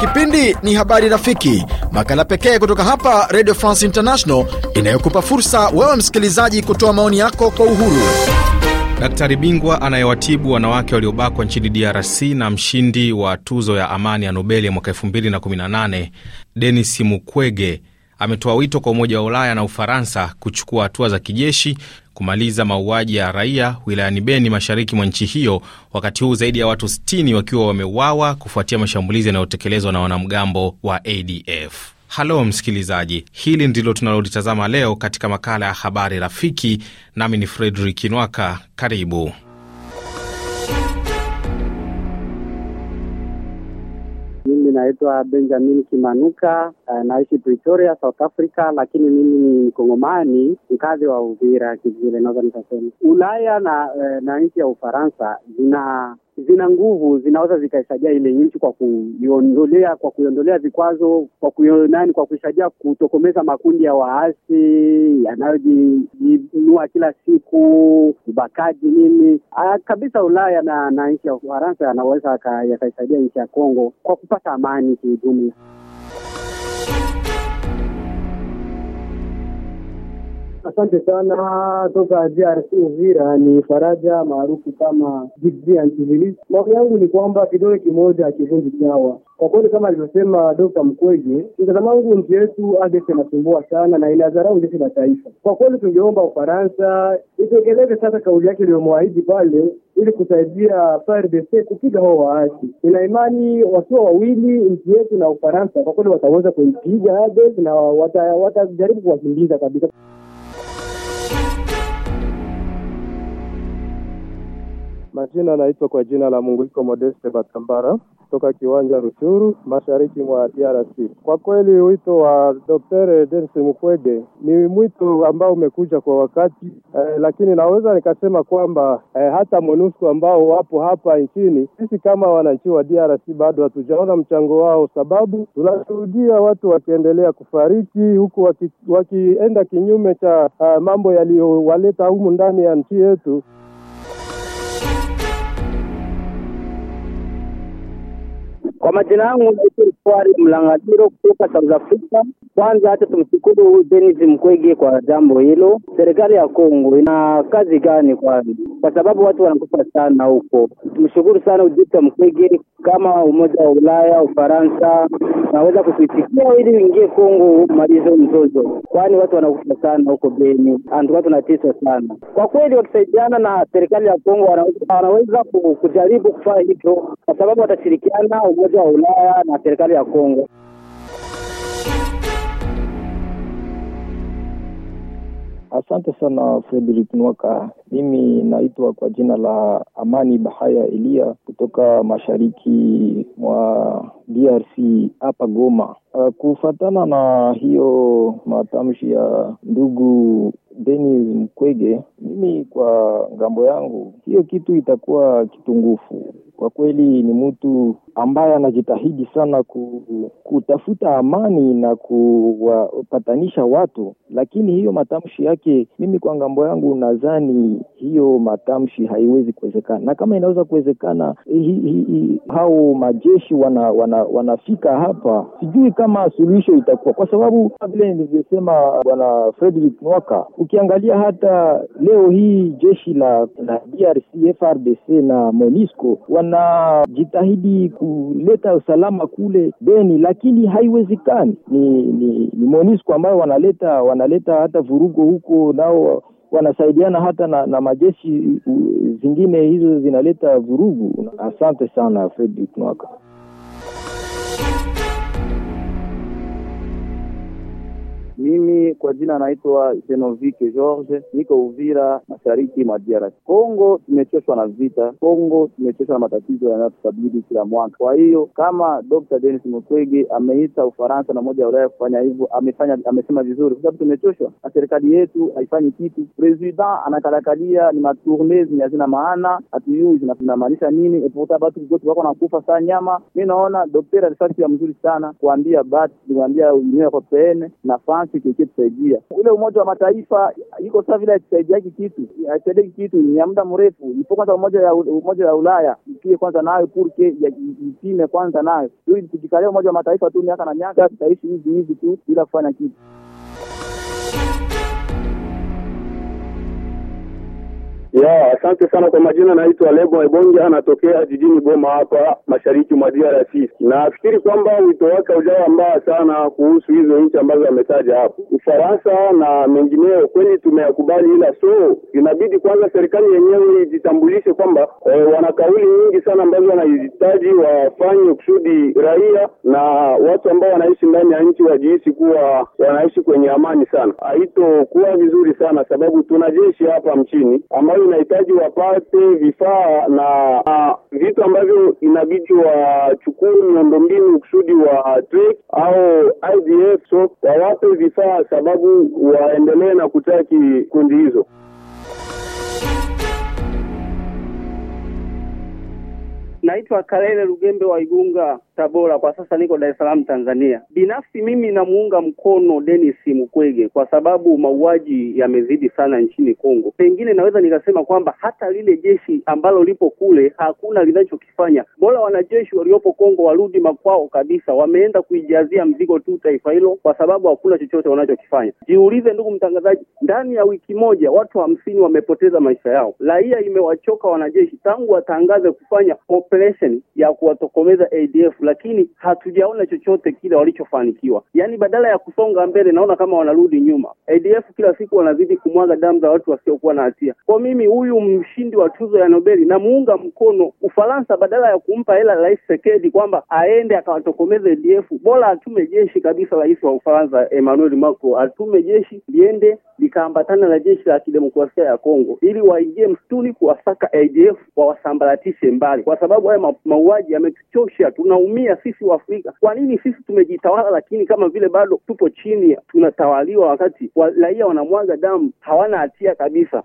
Kipindi ni Habari Rafiki, makala pekee kutoka hapa Radio France International inayokupa fursa wewe msikilizaji kutoa maoni yako kwa uhuru. Daktari bingwa anayewatibu wanawake waliobakwa nchini DRC na mshindi wa tuzo ya amani ya Nobeli ya mwaka 2018 Denis Mukwege ametoa wito kwa Umoja wa Ulaya na Ufaransa kuchukua hatua za kijeshi kumaliza mauaji ya raia wilayani Beni, mashariki mwa nchi hiyo, wakati huu zaidi ya watu 60 wakiwa wameuawa kufuatia mashambulizi yanayotekelezwa na wanamgambo wa ADF. Halo msikilizaji, hili ndilo tunalolitazama leo katika makala ya habari rafiki, nami ni Fredrik Inwaka. Karibu. naitwa Benjamin Kimanuka. Uh, naishi Pretoria, South Africa, lakini mimi ni Mkongomani, mkazi wa Uvira kivile, naweza nikasema Ulaya na, uh, na nchi ya Ufaransa zina zina nguvu, zinaweza zikaisaidia ile nchi kwa kuiondolea, kwa kuiondolea vikwazo, kwa kuionani, kwa kuisaidia kutokomeza makundi ya waasi yanayojinua kila siku, ubakaji nini A, ah, kabisa. Ulaya na, na nchi ya Ufaransa yanaweza yakaisaidia nchi ya Kongo kwa kupata amani kiujumla. Asante sana toka DRC Uvira, ni Faraja maarufu kama Antivilisi. Maoni yangu ni kwamba kidole kimoja akivunji chawa. Kwa kweli kama alivyosema Dokta Mkwege, mtazamo wangu nchi yetu ADF inasumbua sana na inadharau jeshi la taifa. Kwa kweli tungeomba Ufaransa itekeleze sasa kauli yake iliyomwahidi pale ili kusaidia FARDC kupiga hao waasi. Ina imani wakiwa wawili, nchi yetu na Ufaransa, kwa kweli wataweza kuipiga ADF na watajaribu wata kuwakimbiza kabisa. Majina naitwa kwa jina la iko Modeste Batambara kutoka kiwanja Ruchuru, mashariki mwa DRC. Kwa kweli wito wa Dr. Denis Mukwege ni mwito ambao umekuja kwa wakati eh, lakini naweza nikasema kwamba eh, hata MONUSCO ambao wapo hapa nchini, sisi kama wananchi wa DRC bado hatujaona mchango wao, sababu tunashuhudia watu wakiendelea kufariki huku wakienda waki kinyume cha uh, mambo yaliyowaleta humu ndani ya nchi yetu. Kwa majina yangu naitwa Mlangadiro kutoka South Africa. Kwanza hata tumshukuru Denis Mkwege kwa jambo hilo. Serikali ya Kongo ina kazi gani kwani? Kwa sababu watu wanakufa sana huko. Tumshukuru sana Denis Mkwege kama Umoja wa Ulaya, Ufaransa naweza kukuitikia ili uingie Kongo umalize mzozo, kwani watu wanakufa sana huko Beni, antuka tunateswa sana kwa kweli. Wakisaidiana na serikali ya Kongo wanaweza, wanaweza kujaribu kufanya hivyo, kwa sababu watashirikiana Umoja wa Ulaya na serikali ya Kongo. Asante sana Fredrik Nwaka. Mimi naitwa kwa jina la Amani Bahaya Elia kutoka mashariki mwa DRC hapa Goma. Uh, kufatana na hiyo matamshi ya ndugu Denis Mkwege, mimi kwa ngambo yangu hiyo kitu itakuwa kitungufu. Kwa kweli ni mtu ambaye anajitahidi sana kutafuta amani na kuwapatanisha watu, lakini hiyo matamshi yake, mimi kwa ngambo yangu nadhani hiyo matamshi haiwezi kuwezekana, na kama inaweza kuwezekana, hao majeshi wana, wana, wanafika hapa, sijui kama suluhisho itakuwa, kwa sababu vile nilivyosema Bwana Frederick Nwaka, ukiangalia hata leo hii jeshi la, la DRC FRDC na MONUSCO wanajitahidi ku kuleta usalama kule Beni, lakini haiwezekani. Ni ni, ni MONUSCO ambayo wanaleta wanaleta hata vurugo huko, nao wanasaidiana hata na, na majeshi zingine hizo zinaleta vurugu. Asante sana Fredrick Nwaka. kwa jina anaitwa Genovike George, niko Uvira, mashariki mwa DRC Kongo. Tumechoshwa na vita Kongo, tumechoshwa na matatizo yanayotukabili kila mwaka. Kwa hiyo kama Dr. Denis Mukwege ameita Ufaransa na Umoja wa Ulaya kufanya hivyo, amefanya amesema vizuri, kwa sababu tumechoshwa na serikali yetu haifanyi kitu. President anakalakalia ni matourne zenye hazina maana, hatujui zinamaanisha nini, epota batu zote wako nakufa saa nyama. Mi naona daktari alifanya kitu ya mzuri sana kuambia batu kuambia Union Europeenne na France keke kutusaidia. Ule Umoja wa Mataifa iko sasa vile haisaidiaki kitu, haisaidiki kitu, ni ya muda mrefu. Ipo kwanza umoja ya umoja ya Ulaya ikie kwanza nayo purke ipime kwanza nayo. Tukikalia Umoja wa Mataifa tu miaka na miaka, tutaishi hizi hizi tu bila kufanya kitu. Ya, asante sana kwa majina, naitwa Lebo Ebonja, anatokea jijini Goma hapa mashariki mwa DRC. Nafikiri kwamba wito wake haujawa mbaya sana kuhusu hizo nchi ambazo ametaja hapo, Ufaransa na mengineo. Kweli tumeyakubali, ila so inabidi kwanza serikali yenyewe ijitambulishe kwamba e, wana kauli nyingi sana ambazo wanahitaji wafanye kusudi raia na watu ambao wanaishi ndani ya nchi wajihisi kuwa wanaishi kwenye amani sana. Haitokuwa vizuri sana sababu tuna jeshi hapa mchini ambayo inahitaji wapate vifaa na uh, vitu ambavyo inabidi wachukue miundombinu kusudi wa trek au IDF so wawape vifaa, sababu waendelee na kutaki kundi hizo. Naitwa Kalele Rugembe wa Igunga. Tabora, kwa sasa niko Dar es Salaam, Tanzania. Binafsi mimi namuunga mkono Dennis Mukwege kwa sababu mauaji yamezidi sana nchini Kongo. Pengine naweza nikasema kwamba hata lile jeshi ambalo lipo kule hakuna linachokifanya. Bora wanajeshi waliopo Kongo warudi makwao kabisa, wameenda kuijazia mzigo tu taifa hilo, kwa sababu hakuna chochote wanachokifanya. Jiulize ndugu mtangazaji, ndani ya wiki moja watu hamsini wamepoteza maisha yao. Raia imewachoka wanajeshi tangu watangaze kufanya operation ya kuwatokomeza ADF lakini hatujaona chochote kile walichofanikiwa. Yaani badala ya kusonga mbele, naona kama wanarudi nyuma. ADF kila siku wanazidi kumwaga damu za watu wasiokuwa na hatia. Kwa mimi, huyu mshindi wa tuzo ya Nobeli namuunga mkono. Ufaransa badala ya kumpa hela Rais Sekedi kwamba aende akawatokomeze ADF, bora atume jeshi kabisa. Rais wa Ufaransa Emmanuel Macron atume jeshi liende likaambatana na jeshi la kidemokrasia ya Kongo ili waingie msituni kuwasaka ADF wawasambaratishe mbali, kwa sababu haya mauaji yametuchosha, tunaumia tunatumia sisi Waafrika. Kwa nini sisi tumejitawala, lakini kama vile bado tupo chini tunatawaliwa, wakati raia wanamwaga damu, hawana hatia kabisa.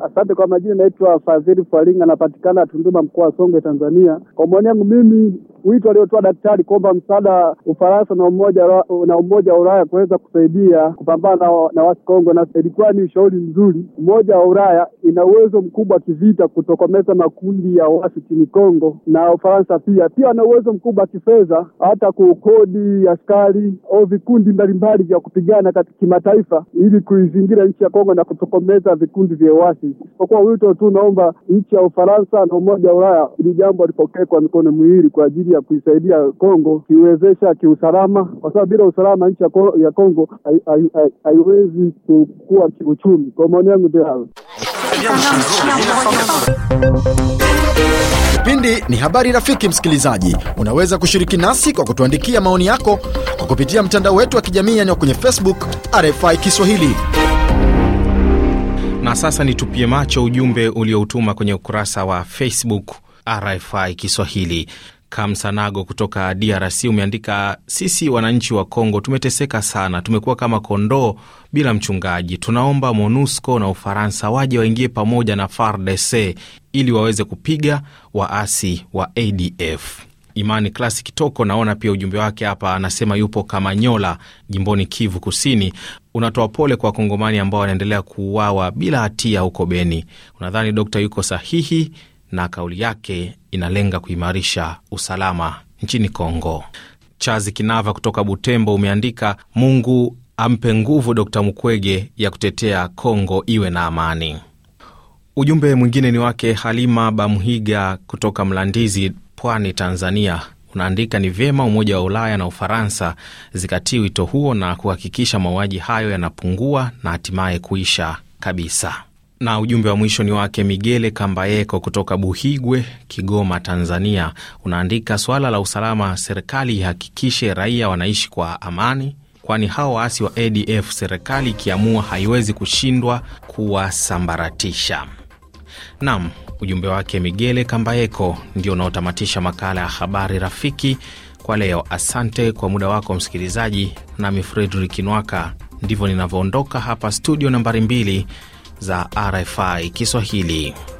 Asante kwa majina, naitwa Fadhili Fwalinga, napatikana Tunduma, mkoa wa Songwe, Tanzania. Kwa maoni yangu mimi wito aliotoa daktari kuomba msaada Ufaransa na umoja na umoja wa Ulaya kuweza kusaidia kupambana na, na wasi Kongo, na ilikuwa ni ushauri mzuri. Umoja wa Ulaya ina uwezo mkubwa kivita kutokomeza makundi ya wasi chini Kongo, na Ufaransa pia pia ana uwezo mkubwa kifedha, hata kukodi askari au vikundi mbalimbali vya kupigana katika kimataifa ili kuizingira nchi ya Kongo na kutokomeza vikundi vya wasi. Isipokuwa wito tu, naomba nchi ya Ufaransa na umoja wa Ulaya ili jambo alipokee kwa mikono miwili kwa ajili ya kuisaidia Kongo kiwezesha kiusalama, kwa sababu bila usalama nchi ya Kongo haiwezi kukua kiuchumi. Kwa maoni yangu ndio hayo. Kipindi ni habari. Rafiki msikilizaji, unaweza kushiriki nasi kwa kutuandikia maoni yako kwa kupitia mtandao wetu wa kijamii yani kwenye Facebook RFI Kiswahili. Na sasa nitupie macho ujumbe ulioutuma kwenye ukurasa wa Facebook RFI Kiswahili. Kamsanago kutoka DRC umeandika, sisi wananchi wa Kongo tumeteseka sana, tumekuwa kama kondoo bila mchungaji. Tunaomba MONUSCO na Ufaransa waje waingie pamoja na FARDC ili waweze kupiga waasi wa ADF. Imani Klasi Kitoko naona pia ujumbe wake hapa, anasema yupo Kamanyola, jimboni Kivu Kusini. Unatoa pole kwa Wakongomani ambao wanaendelea kuuawa bila hatia huko Beni. Unadhani dokta yuko sahihi? na kauli yake inalenga kuimarisha usalama nchini Kongo. Chazi Kinava kutoka Butembo umeandika Mungu ampe nguvu d Mukwege ya kutetea Kongo iwe na amani. Ujumbe mwingine ni wake Halima Bamhiga kutoka Mlandizi, Pwani, Tanzania. Unaandika ni vyema Umoja wa Ulaya na Ufaransa zikatii wito huo na kuhakikisha mauaji hayo yanapungua na hatimaye kuisha kabisa na ujumbe wa mwisho ni wake Migele Kambayeko kutoka Buhigwe, Kigoma, Tanzania. Unaandika, swala la usalama, serikali ihakikishe raia wanaishi kwa amani, kwani hao waasi wa ADF serikali ikiamua haiwezi kushindwa kuwasambaratisha. Nam, ujumbe wake Migele Kambayeko ndio unaotamatisha makala ya habari rafiki kwa leo. Asante kwa muda wako msikilizaji, nami Fredrik Nwaka ndivyo ninavyoondoka hapa studio nambari mbili za RFI Kiswahili.